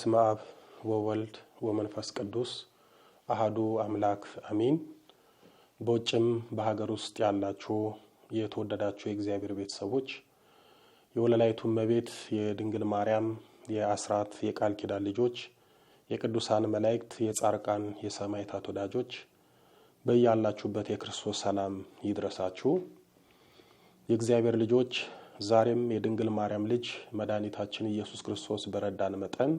በስመ አብ ወወልድ ወመንፈስ ቅዱስ አሃዱ አምላክ አሚን። በውጭም በሀገር ውስጥ ያላችሁ የተወደዳችሁ የእግዚአብሔር ቤተሰቦች የወለላይቱ እመቤት የድንግል ማርያም የአስራት የቃል ኪዳን ልጆች የቅዱሳን መላእክት የጻርቃን የሰማይታት ወዳጆች በያላችሁበት የክርስቶስ ሰላም ይድረሳችሁ። የእግዚአብሔር ልጆች ዛሬም የድንግል ማርያም ልጅ መድኃኒታችን ኢየሱስ ክርስቶስ በረዳን መጠን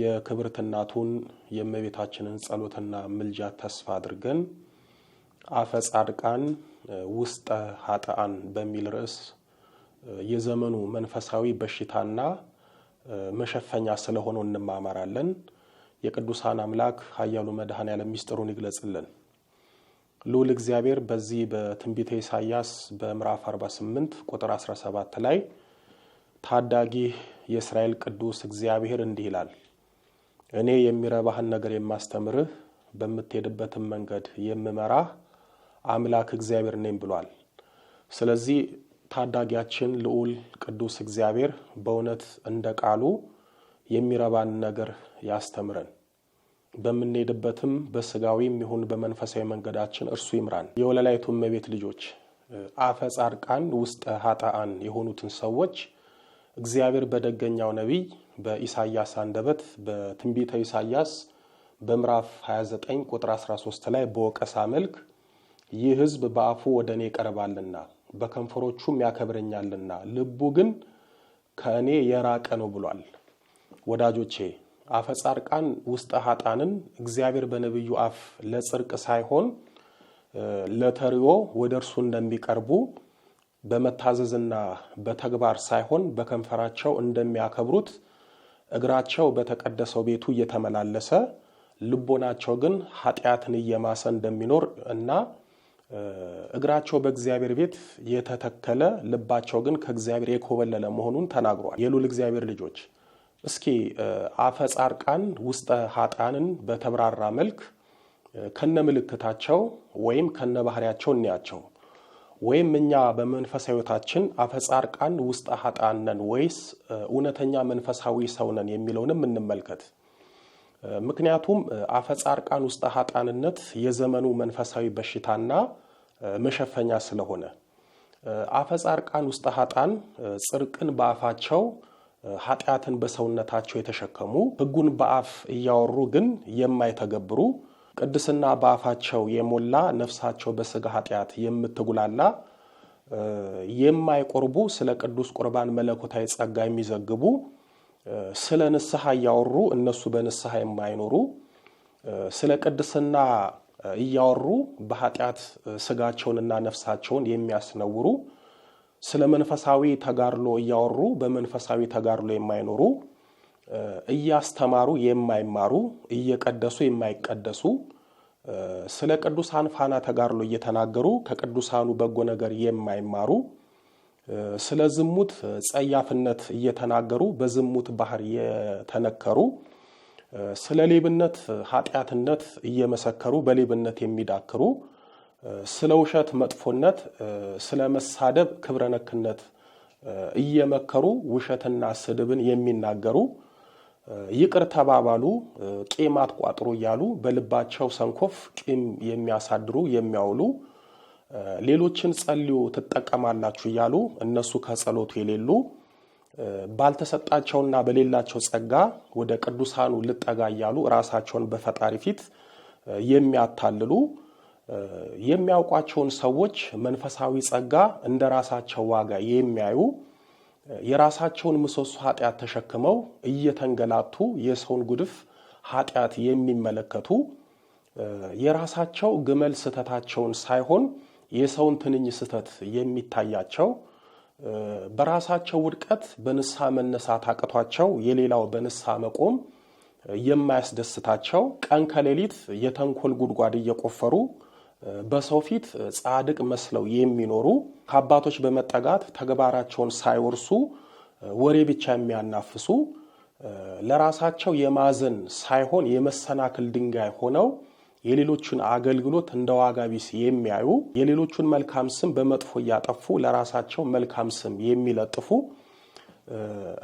የክብርት እናቱን የእመቤታችንን ጸሎትና ምልጃ ተስፋ አድርገን አፈ ጻድቃን ውስጠ ሀጠአን በሚል ርዕስ የዘመኑ መንፈሳዊ በሽታና መሸፈኛ ስለሆነው እንማማራለን። የቅዱሳን አምላክ ኃያሉ ያለ ምስጢሩን ይግለጽልን። ልዑል እግዚአብሔር በዚህ በትንቢተ ኢሳይያስ በምዕራፍ 48 ቁጥር 17 ላይ ታዳጊ የእስራኤል ቅዱስ እግዚአብሔር እንዲህ ይላል እኔ የሚረባህን ነገር የማስተምርህ በምትሄድበትም መንገድ የምመራህ አምላክ እግዚአብሔር ነኝ ብሏል። ስለዚህ ታዳጊያችን ልዑል ቅዱስ እግዚአብሔር በእውነት እንደ ቃሉ የሚረባን ነገር ያስተምረን። በምንሄድበትም በስጋዊም ይሁን በመንፈሳዊ መንገዳችን እርሱ ይምራን። የወለላይቱ እመቤት ልጆች አፈ ጻድቃን ውስጠ ኃጥአን የሆኑትን ሰዎች እግዚአብሔር በደገኛው ነቢይ በኢሳያስ አንደበት በትንቢተ ኢሳያስ በምዕራፍ 29 ቁጥር 13 ላይ በወቀሳ መልክ ይህ ሕዝብ በአፉ ወደ እኔ ይቀርባልና በከንፈሮቹም ያከብረኛልና ልቡ ግን ከእኔ የራቀ ነው ብሏል። ወዳጆቼ አፈጻርቃን ውስጠ ሀጣንን እግዚአብሔር በነቢዩ አፍ ለጽርቅ ሳይሆን ለተሪዮ ወደ እርሱ እንደሚቀርቡ በመታዘዝና በተግባር ሳይሆን በከንፈራቸው እንደሚያከብሩት እግራቸው በተቀደሰው ቤቱ እየተመላለሰ ልቦናቸው ግን ኃጢአትን እየማሰ እንደሚኖር እና እግራቸው በእግዚአብሔር ቤት የተተከለ ልባቸው ግን ከእግዚአብሔር የኮበለለ መሆኑን ተናግሯል። የሉል እግዚአብሔር ልጆች እስኪ አፈጻርቃን ውስጠ ሀጣንን በተብራራ መልክ ከነ ምልክታቸው ወይም ከነ ባህሪያቸው እንያቸው። ወይም እኛ በመንፈሳዊ ሕይወታችን አፈጻርቃን ውስጥ ሀጣን ነን ወይስ እውነተኛ መንፈሳዊ ሰው ነን የሚለውንም እንመልከት። ምክንያቱም አፈጻርቃን ውስጥ ሀጣንነት የዘመኑ መንፈሳዊ በሽታና መሸፈኛ ስለሆነ አፈጻርቃን ውስጥ ሀጣን ጽርቅን በአፋቸው ኃጢአትን በሰውነታቸው የተሸከሙ ሕጉን በአፍ እያወሩ ግን የማይተገብሩ ቅድስና በአፋቸው የሞላ ነፍሳቸው በስጋ ኃጢአት የምትጉላላ የማይቆርቡ ስለ ቅዱስ ቁርባን መለኮታዊ ጸጋ የሚዘግቡ ስለ ንስሐ እያወሩ እነሱ በንስሐ የማይኖሩ ስለ ቅድስና እያወሩ በኃጢአት ስጋቸውንና ነፍሳቸውን የሚያስነውሩ ስለ መንፈሳዊ ተጋድሎ እያወሩ በመንፈሳዊ ተጋድሎ የማይኖሩ እያስተማሩ የማይማሩ እየቀደሱ የማይቀደሱ ስለ ቅዱሳን ፋና ተጋድሎ እየተናገሩ ከቅዱሳኑ በጎ ነገር የማይማሩ ስለ ዝሙት ጸያፍነት እየተናገሩ በዝሙት ባህር የተነከሩ ስለ ሌብነት ኃጢአትነት እየመሰከሩ በሌብነት የሚዳክሩ ስለ ውሸት መጥፎነት፣ ስለ መሳደብ ክብረነክነት እየመከሩ ውሸትና ስድብን የሚናገሩ ይቅር ተባባሉ፣ ቂም አትቋጥሩ እያሉ በልባቸው ሰንኮፍ ቂም የሚያሳድሩ የሚያውሉ ሌሎችን ጸልዩ ትጠቀማላችሁ እያሉ እነሱ ከጸሎቱ የሌሉ ባልተሰጣቸውና በሌላቸው ጸጋ ወደ ቅዱሳኑ ልጠጋ እያሉ ራሳቸውን በፈጣሪ ፊት የሚያታልሉ የሚያውቋቸውን ሰዎች መንፈሳዊ ጸጋ እንደ ራሳቸው ዋጋ የሚያዩ የራሳቸውን ምሰሶ ኃጢአት ተሸክመው እየተንገላቱ የሰውን ጉድፍ ኃጢአት የሚመለከቱ የራሳቸው ግመል ስህተታቸውን ሳይሆን የሰውን ትንኝ ስህተት የሚታያቸው በራሳቸው ውድቀት በንስሐ መነሳት አቅቷቸው የሌላው በንስሐ መቆም የማያስደስታቸው ቀን ከሌሊት የተንኮል ጉድጓድ እየቆፈሩ በሰው ፊት ጻድቅ መስለው የሚኖሩ ከአባቶች በመጠጋት ተግባራቸውን ሳይወርሱ ወሬ ብቻ የሚያናፍሱ ለራሳቸው የማዘን ሳይሆን የመሰናክል ድንጋይ ሆነው የሌሎቹን አገልግሎት እንደ ዋጋ ቢስ የሚያዩ የሌሎቹን መልካም ስም በመጥፎ እያጠፉ ለራሳቸው መልካም ስም የሚለጥፉ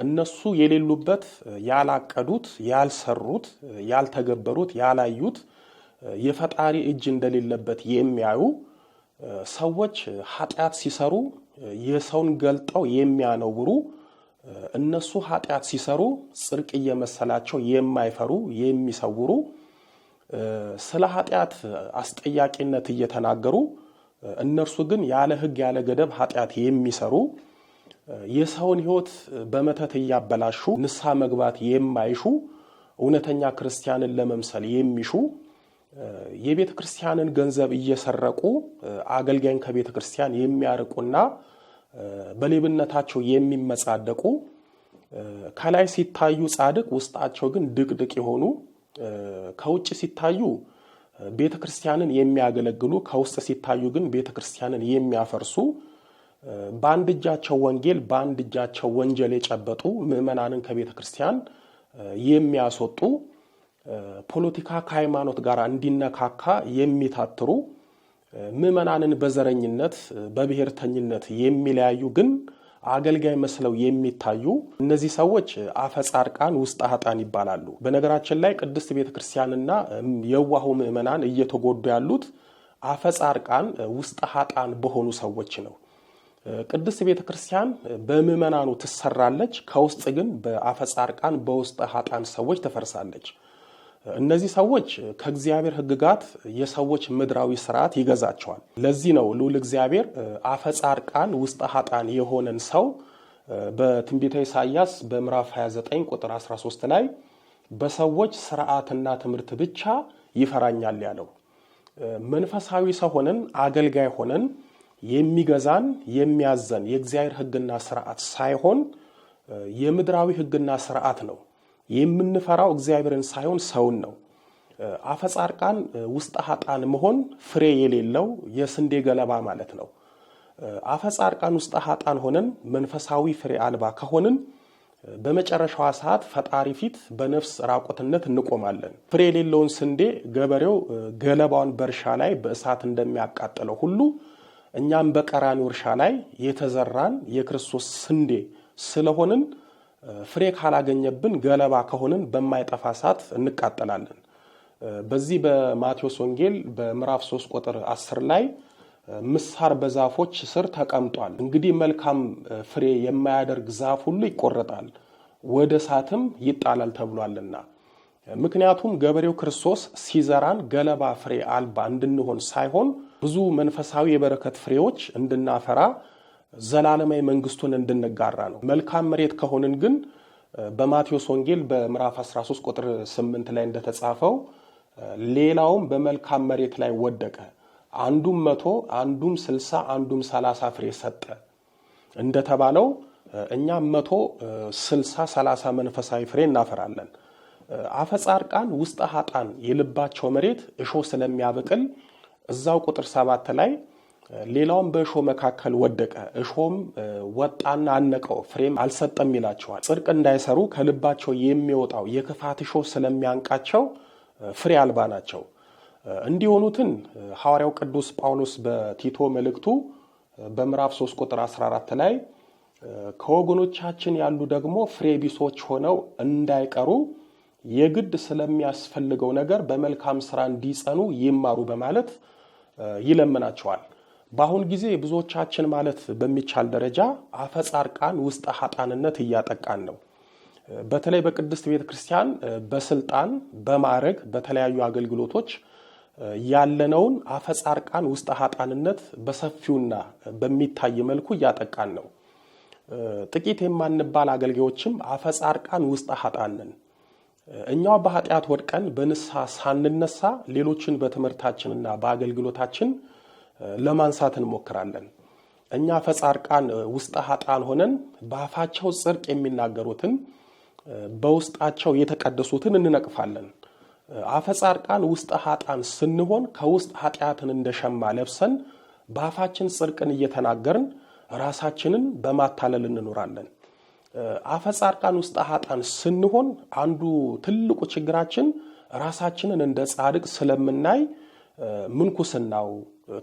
እነሱ የሌሉበት ያላቀዱት፣ ያልሰሩት፣ ያልተገበሩት፣ ያላዩት የፈጣሪ እጅ እንደሌለበት የሚያዩ ሰዎች ኃጢአት ሲሰሩ የሰውን ገልጠው የሚያነውሩ እነሱ ኃጢአት ሲሰሩ ጽድቅ እየመሰላቸው የማይፈሩ የሚሰውሩ ስለ ኃጢአት አስጠያቂነት እየተናገሩ እነርሱ ግን ያለ ሕግ ያለ ገደብ ኃጢአት የሚሰሩ የሰውን ሕይወት በመተት እያበላሹ ንስሐ መግባት የማይሹ እውነተኛ ክርስቲያንን ለመምሰል የሚሹ የቤተ ክርስቲያንን ገንዘብ እየሰረቁ አገልጋይን ከቤተ ክርስቲያን የሚያርቁና በሌብነታቸው የሚመጻደቁ ከላይ ሲታዩ ጻድቅ ውስጣቸው ግን ድቅድቅ የሆኑ ከውጭ ሲታዩ ቤተ ክርስቲያንን የሚያገለግሉ ከውስጥ ሲታዩ ግን ቤተ ክርስቲያንን የሚያፈርሱ በአንድ እጃቸው ወንጌል በአንድ እጃቸው ወንጀል የጨበጡ ምዕመናንን ከቤተ ክርስቲያን የሚያስወጡ ፖለቲካ ከሃይማኖት ጋር እንዲነካካ የሚታትሩ ምዕመናንን በዘረኝነት በብሔርተኝነት የሚለያዩ ግን አገልጋይ መስለው የሚታዩ እነዚህ ሰዎች አፈጻርቃን ውስጥ አጣን ይባላሉ። በነገራችን ላይ ቅድስት ቤተ ክርስቲያንና የዋሁ ምዕመናን እየተጎዱ ያሉት አፈጻርቃን ውስጥ ሀጣን በሆኑ ሰዎች ነው። ቅድስት ቤተ ክርስቲያን በምዕመናኑ ትሰራለች፣ ከውስጥ ግን በአፈጻርቃን በውስጥ ሀጣን ሰዎች ትፈርሳለች። እነዚህ ሰዎች ከእግዚአብሔር ሕግጋት የሰዎች ምድራዊ ስርዓት ይገዛቸዋል። ለዚህ ነው ልዑል እግዚአብሔር አፈጻርቃን ውስጠ ሀጣን የሆነን ሰው በትንቢተ ኢሳያስ በምዕራፍ 29 ቁጥር 13 ላይ በሰዎች ስርዓትና ትምህርት ብቻ ይፈራኛል ያለው። መንፈሳዊ ሰው ሆነን አገልጋይ ሆነን የሚገዛን የሚያዘን የእግዚአብሔር ሕግና ስርዓት ሳይሆን የምድራዊ ሕግና ስርዓት ነው። የምንፈራው እግዚአብሔርን ሳይሆን ሰውን ነው። አፈጻርቃን ውስጠ ሀጣን መሆን ፍሬ የሌለው የስንዴ ገለባ ማለት ነው። አፈጻርቃን ውስጠ ሀጣን ሆነን መንፈሳዊ ፍሬ አልባ ከሆንን በመጨረሻዋ ሰዓት ፈጣሪ ፊት በነፍስ ራቁትነት እንቆማለን። ፍሬ የሌለውን ስንዴ ገበሬው ገለባውን በእርሻ ላይ በእሳት እንደሚያቃጥለው ሁሉ እኛም በቀራኒ እርሻ ላይ የተዘራን የክርስቶስ ስንዴ ስለሆንን ፍሬ ካላገኘብን ገለባ ከሆንን በማይጠፋ እሳት እንቃጠላለን። በዚህ በማቴዎስ ወንጌል በምዕራፍ 3 ቁጥር 10 ላይ ምሳር በዛፎች ስር ተቀምጧል፣ እንግዲህ መልካም ፍሬ የማያደርግ ዛፍ ሁሉ ይቆረጣል፣ ወደ እሳትም ይጣላል ተብሏልና። ምክንያቱም ገበሬው ክርስቶስ ሲዘራን ገለባ ፍሬ አልባ እንድንሆን ሳይሆን ብዙ መንፈሳዊ የበረከት ፍሬዎች እንድናፈራ ዘላለማዊ መንግስቱን እንድንጋራ ነው። መልካም መሬት ከሆንን ግን በማቴዎስ ወንጌል በምዕራፍ 13 ቁጥር 8 ላይ እንደተጻፈው ሌላውም በመልካም መሬት ላይ ወደቀ፣ አንዱም መቶ አንዱም ስልሳ አንዱም ሰላሳ ፍሬ ሰጠ እንደተባለው እኛም መቶ ስልሳ ሰላሳ መንፈሳዊ ፍሬ እናፈራለን። አፈጻርቃን ውስጠ ሀጣን የልባቸው መሬት እሾህ ስለሚያበቅል እዛው ቁጥር ሰባት ላይ ሌላውም በእሾህ መካከል ወደቀ፣ እሾም ወጣና አነቀው፣ ፍሬም አልሰጠም ይላቸዋል። ጽድቅ እንዳይሰሩ ከልባቸው የሚወጣው የክፋት እሾ ስለሚያንቃቸው ፍሬ አልባ ናቸው። እንዲሆኑትን ሐዋርያው ቅዱስ ጳውሎስ በቲቶ መልእክቱ በምዕራፍ 3 ቁጥር 14 ላይ ከወገኖቻችን ያሉ ደግሞ ፍሬ ቢሶች ሆነው እንዳይቀሩ የግድ ስለሚያስፈልገው ነገር በመልካም ስራ እንዲጸኑ ይማሩ በማለት ይለምናቸዋል። በአሁን ጊዜ ብዙዎቻችን ማለት በሚቻል ደረጃ አፈጻርቃን ውስጠ ሀጣንነት እያጠቃን ነው። በተለይ በቅድስት ቤተ ክርስቲያን በስልጣን በማዕረግ በተለያዩ አገልግሎቶች ያለነውን አፈጻርቃን ውስጠ ሀጣንነት በሰፊውና በሚታይ መልኩ እያጠቃን ነው። ጥቂት የማንባል አገልጋዮችም አፈጻርቃን ውስጠ ሀጣንን እኛው በኃጢአት ወድቀን በንስሐ ሳንነሳ ሌሎችን በትምህርታችንና በአገልግሎታችን ለማንሳት እንሞክራለን። እኛ ፈጻርቃን ውስጠ ሀጣን ሆነን በአፋቸው ጽድቅ የሚናገሩትን በውስጣቸው የተቀደሱትን እንነቅፋለን። አፈጻርቃን ውስጠ ሀጣን ስንሆን ከውስጥ ኃጢአትን እንደሸማ ለብሰን በአፋችን ጽድቅን እየተናገርን ራሳችንን በማታለል እንኖራለን። አፈጻርቃን ውስጠ ሀጣን ስንሆን አንዱ ትልቁ ችግራችን ራሳችንን እንደ ጻድቅ ስለምናይ ምንኩስናው፣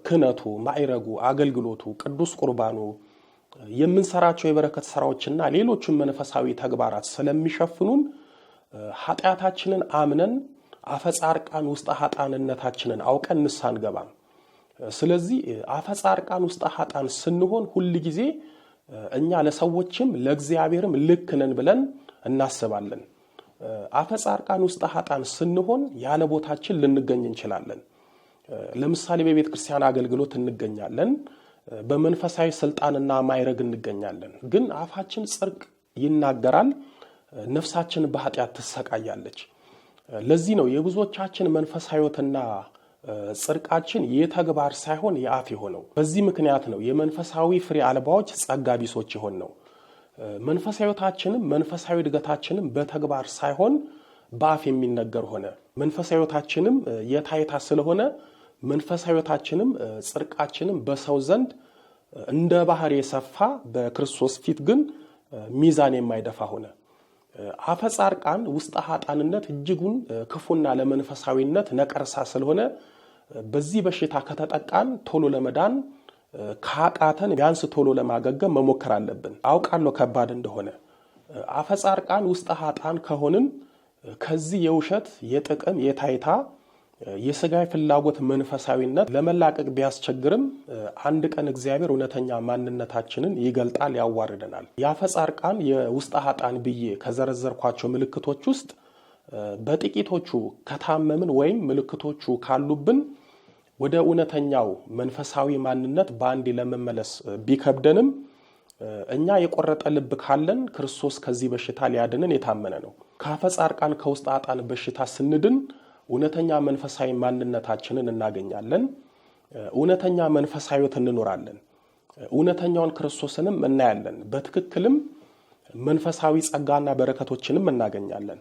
ክህነቱ፣ ማዕረጉ፣ አገልግሎቱ፣ ቅዱስ ቁርባኑ፣ የምንሰራቸው የበረከት ስራዎችና ሌሎችን መንፈሳዊ ተግባራት ስለሚሸፍኑን ኃጢአታችንን አምነን አፈጻርቃን ውስጥ ሀጣንነታችንን አውቀን ንስሐ አንገባም። ስለዚህ አፈጻርቃን ውስጥ ሀጣን ስንሆን ሁል ጊዜ እኛ ለሰዎችም ለእግዚአብሔርም ልክ ነን ብለን እናስባለን። አፈጻርቃን ውስጥ ሀጣን ስንሆን ያለ ቦታችን ልንገኝ እንችላለን። ለምሳሌ በቤተ ክርስቲያን አገልግሎት እንገኛለን። በመንፈሳዊ ስልጣንና ማይረግ እንገኛለን። ግን አፋችን ጽርቅ ይናገራል፣ ነፍሳችን በኃጢአት ትሰቃያለች። ለዚህ ነው የብዙዎቻችን መንፈሳዊትና ጽርቃችን የተግባር ሳይሆን የአፍ የሆነው። በዚህ ምክንያት ነው የመንፈሳዊ ፍሬ አልባዎች ጸጋ ቢሶች የሆን ነው። መንፈሳዊታችንም መንፈሳዊ እድገታችንም በተግባር ሳይሆን በአፍ የሚነገር ሆነ። መንፈሳዊታችንም የታይታ ስለሆነ መንፈሳዊ ሕይወታችንም ጽድቃችንም በሰው ዘንድ እንደ ባህር የሰፋ በክርስቶስ ፊት ግን ሚዛን የማይደፋ ሆነ። አፈጻርቃን ውስጥ ውስጠ ሀጣንነት እጅጉን ክፉና ለመንፈሳዊነት ነቀርሳ ስለሆነ በዚህ በሽታ ከተጠቃን ቶሎ ለመዳን ከአቃተን ቢያንስ ቶሎ ለማገገም መሞከር አለብን። አውቃለሁ ከባድ እንደሆነ። አፈጻርቃን ውስጥ ውስጠ ሀጣን ከሆንን ከዚህ የውሸት የጥቅም የታይታ የስጋይ ፍላጎት መንፈሳዊነት ለመላቀቅ ቢያስቸግርም አንድ ቀን እግዚአብሔር እውነተኛ ማንነታችንን ይገልጣል፣ ያዋርደናል። የአፈጻር የውስጥ የውስጠ ሀጣን ብዬ ከዘረዘርኳቸው ምልክቶች ውስጥ በጥቂቶቹ ከታመምን ወይም ምልክቶቹ ካሉብን ወደ እውነተኛው መንፈሳዊ ማንነት በአንዴ ለመመለስ ቢከብደንም እኛ የቆረጠ ልብ ካለን ክርስቶስ ከዚህ በሽታ ሊያድንን የታመነ ነው። ከአፈጻር ከውስጥ ከውስጠ ሀጣን በሽታ ስንድን እውነተኛ መንፈሳዊ ማንነታችንን እናገኛለን። እውነተኛ መንፈሳዊት እንኖራለን። እውነተኛውን ክርስቶስንም እናያለን። በትክክልም መንፈሳዊ ጸጋና በረከቶችንም እናገኛለን።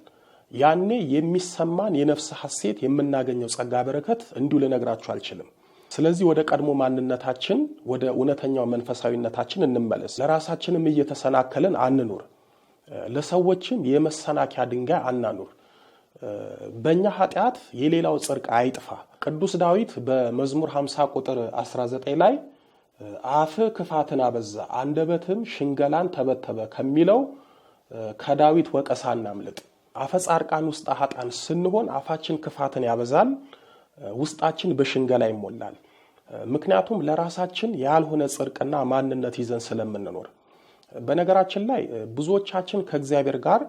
ያኔ የሚሰማን የነፍስ ሐሴት የምናገኘው ጸጋ በረከት እንዲሁ ልነግራችሁ አልችልም። ስለዚህ ወደ ቀድሞ ማንነታችን ወደ እውነተኛው መንፈሳዊነታችን እንመለስ። ለራሳችንም እየተሰናከለን አንኑር። ለሰዎችም የመሰናኪያ ድንጋይ አናኑር። በእኛ ኃጢአት የሌላው ጽድቅ አይጥፋ። ቅዱስ ዳዊት በመዝሙር 50 ቁጥር 19 ላይ አፍ ክፋትን አበዛ አንደበትም ሽንገላን ተበተበ ከሚለው ከዳዊት ወቀሳ እናምልጥ። አፈ ጻድቃን ውስጥ ኃጥአን ስንሆን አፋችን ክፋትን ያበዛል፣ ውስጣችን በሽንገላ ይሞላል። ምክንያቱም ለራሳችን ያልሆነ ጽድቅና ማንነት ይዘን ስለምንኖር። በነገራችን ላይ ብዙዎቻችን ከእግዚአብሔር ጋር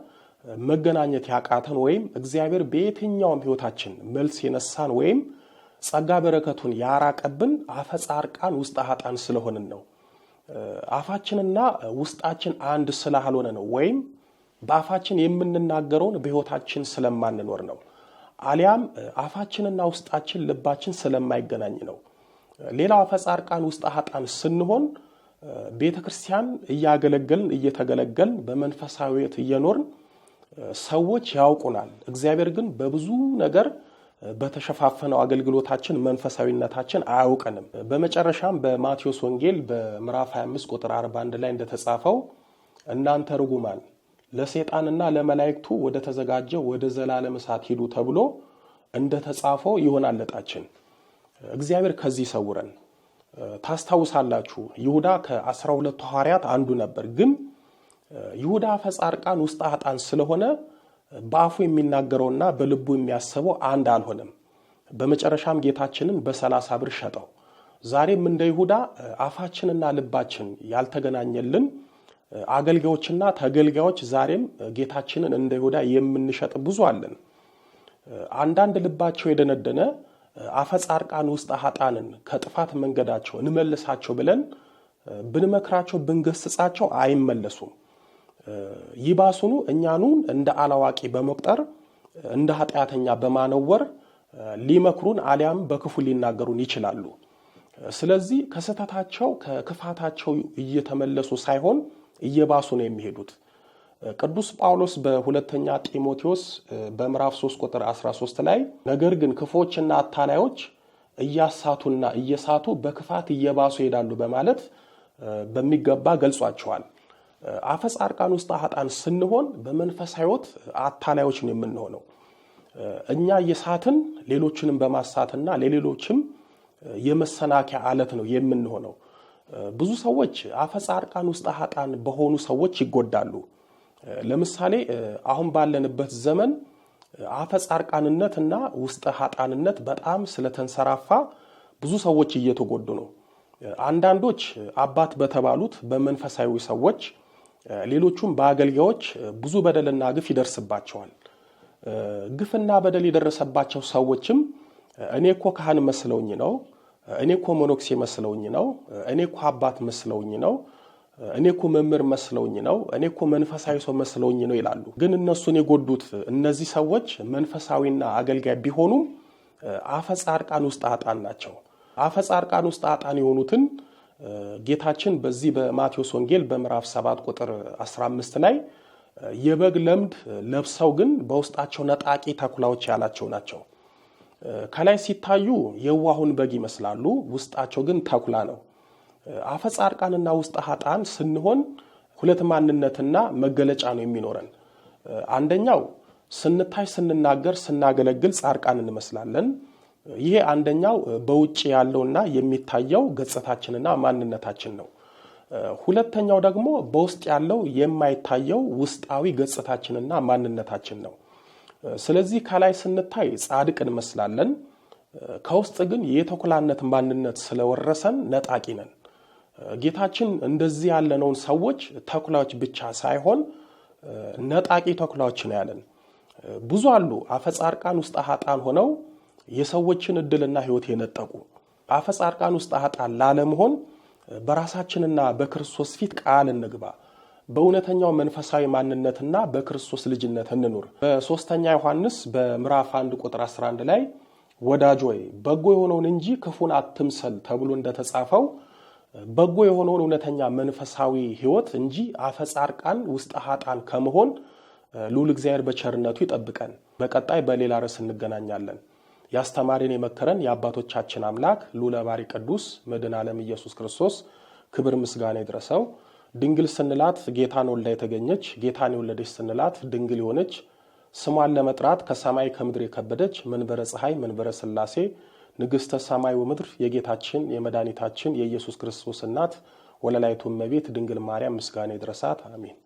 መገናኘት ያቃተን ወይም እግዚአብሔር በየትኛውም ህይወታችን መልስ የነሳን ወይም ጸጋ በረከቱን ያራቀብን አፈጻርቃን ውስጥ ሀጣን ስለሆንን ነው። አፋችንና ውስጣችን አንድ ስላልሆነ ነው። ወይም በአፋችን የምንናገረውን በህይወታችን ስለማንኖር ነው። አሊያም አፋችንና ውስጣችን ልባችን ስለማይገናኝ ነው። ሌላው አፈጻርቃን ውስጥ ሀጣን ስንሆን ቤተ ክርስቲያን እያገለገልን እየተገለገልን በመንፈሳዊት እየኖርን ሰዎች ያውቁናል። እግዚአብሔር ግን በብዙ ነገር በተሸፋፈነው አገልግሎታችን መንፈሳዊነታችን አያውቀንም። በመጨረሻም በማቴዎስ ወንጌል በምዕራፍ 25 ቁጥር 41 ላይ እንደተጻፈው እናንተ ርጉማን ለሴጣንና ለመላእክቱ ወደ ተዘጋጀ ወደ ዘላለም እሳት ሂዱ ተብሎ እንደተጻፈው ይሆናል ዕጣችን። እግዚአብሔር ከዚህ ይሰውረን። ታስታውሳላችሁ፣ ይሁዳ ከአስራ ሁለቱ ሐዋርያት አንዱ ነበር ግን ይሁዳ ፈጻር ቃል ውስጥ አጣን ስለሆነ በአፉ የሚናገረውና በልቡ የሚያስበው አንድ አልሆነም። በመጨረሻም ጌታችንን በሰላሳ ብር ሸጠው። ዛሬም እንደ ይሁዳ አፋችንና ልባችን ያልተገናኘልን አገልጋዮችና ተገልጋዮች ዛሬም ጌታችንን እንደ ይሁዳ የምንሸጥ ብዙ አለን። አንዳንድ ልባቸው የደነደነ አፈጻርቃን ውስጥ ሀጣንን ከጥፋት መንገዳቸው እንመልሳቸው ብለን ብንመክራቸው ብንገስጻቸው አይመለሱም። ይባሱኑ እኛኑን እንደ አላዋቂ በመቁጠር እንደ ኃጢአተኛ በማነወር ሊመክሩን አሊያም በክፉ ሊናገሩን ይችላሉ። ስለዚህ ከስህተታቸው ከክፋታቸው እየተመለሱ ሳይሆን እየባሱ ነው የሚሄዱት። ቅዱስ ጳውሎስ በሁለተኛ ጢሞቴዎስ በምዕራፍ 3 ቁጥር 13 ላይ ነገር ግን ክፎችና አታላዮች እያሳቱና እየሳቱ በክፋት እየባሱ ይሄዳሉ በማለት በሚገባ ገልጿቸዋል። አፈጽ አርቃን ውስጥ ሀጣን ስንሆን በመንፈስ ሕይወት አታላዮች ነው የምንሆነው። እኛ የሳትን ሌሎችንም በማሳትና ለሌሎችም የመሰናከያ አለት ነው የምንሆነው። ብዙ ሰዎች አፈጽ አርቃን ውስጥ ሀጣን በሆኑ ሰዎች ይጎዳሉ። ለምሳሌ አሁን ባለንበት ዘመን አፈጽ አርቃንነት እና ውስጥ ሀጣንነት በጣም ስለተንሰራፋ ብዙ ሰዎች እየተጎዱ ነው። አንዳንዶች አባት በተባሉት በመንፈሳዊ ሰዎች ሌሎቹም በአገልጋዮች ብዙ በደልና ግፍ ይደርስባቸዋል። ግፍና በደል የደረሰባቸው ሰዎችም እኔ እኮ ካህን መስለውኝ ነው፣ እኔ እኮ መኖክሴ መስለውኝ ነው፣ እኔ እኮ አባት መስለውኝ ነው፣ እኔ እኮ መምህር መስለውኝ ነው፣ እኔ እኮ መንፈሳዊ ሰው መስለውኝ ነው ይላሉ። ግን እነሱን የጎዱት እነዚህ ሰዎች መንፈሳዊና አገልጋይ ቢሆኑም አፈጻርቃን ውስጥ አጣን ናቸው። አፈጻርቃን ውስጥ አጣን የሆኑትን ጌታችን በዚህ በማቴዎስ ወንጌል በምዕራፍ 7 ቁጥር 15 ላይ የበግ ለምድ ለብሰው ግን በውስጣቸው ነጣቂ ተኩላዎች ያላቸው ናቸው። ከላይ ሲታዩ የዋሁን በግ ይመስላሉ፣ ውስጣቸው ግን ተኩላ ነው። አፈ ጻድቃንና ውስጠ ኃጥአን ስንሆን ሁለት ማንነትና መገለጫ ነው የሚኖረን። አንደኛው ስንታይ፣ ስንናገር፣ ስናገለግል ጻድቃን እንመስላለን። ይሄ አንደኛው በውጭ ያለውና የሚታየው ገጽታችንና ማንነታችን ነው። ሁለተኛው ደግሞ በውስጥ ያለው የማይታየው ውስጣዊ ገጽታችንና ማንነታችን ነው። ስለዚህ ከላይ ስንታይ ጻድቅ እንመስላለን፣ ከውስጥ ግን የተኩላነት ማንነት ስለወረሰን ነጣቂ ነን። ጌታችን እንደዚህ ያለነውን ሰዎች ተኩላዎች ብቻ ሳይሆን ነጣቂ ተኩላዎች ነው ያለን። ብዙ አሉ አፈጻርቃን ውስጥ ሀጣን ሆነው የሰዎችን እድልና ህይወት የነጠቁ አፈ ጻድቃን ውስጥ አጣን ላለመሆን በራሳችንና በክርስቶስ ፊት ቃል እንግባ። በእውነተኛው መንፈሳዊ ማንነትና በክርስቶስ ልጅነት እንኑር። በሶስተኛ ዮሐንስ በምዕራፍ 1 ቁጥር 11 ላይ ወዳጅ ሆይ በጎ የሆነውን እንጂ ክፉን አትምሰል ተብሎ እንደተጻፈው በጎ የሆነውን እውነተኛ መንፈሳዊ ህይወት እንጂ አፈ ውስጥ ውስጠ ኃጥአን ከመሆን ልዑል እግዚአብሔር በቸርነቱ ይጠብቀን። በቀጣይ በሌላ ርዕስ እንገናኛለን። ያስተማሪን የመከረን የአባቶቻችን አምላክ ልዑለ ባሕርይ ቅዱስ መድኃኔ ዓለም ኢየሱስ ክርስቶስ ክብር ምስጋና ይድረሰው። ድንግል ስንላት ጌታን ወልዳ የተገኘች ጌታን የወለደች ስንላት ድንግል የሆነች ስሟን ለመጥራት ከሰማይ ከምድር የከበደች መንበረ ፀሐይ መንበረ ሥላሴ ንግሥተ ሰማይ ወምድር የጌታችን የመድኃኒታችን የኢየሱስ ክርስቶስ እናት ወለላይቱ እመቤት ድንግል ማርያም ምስጋና ይድረሳት። አሜን።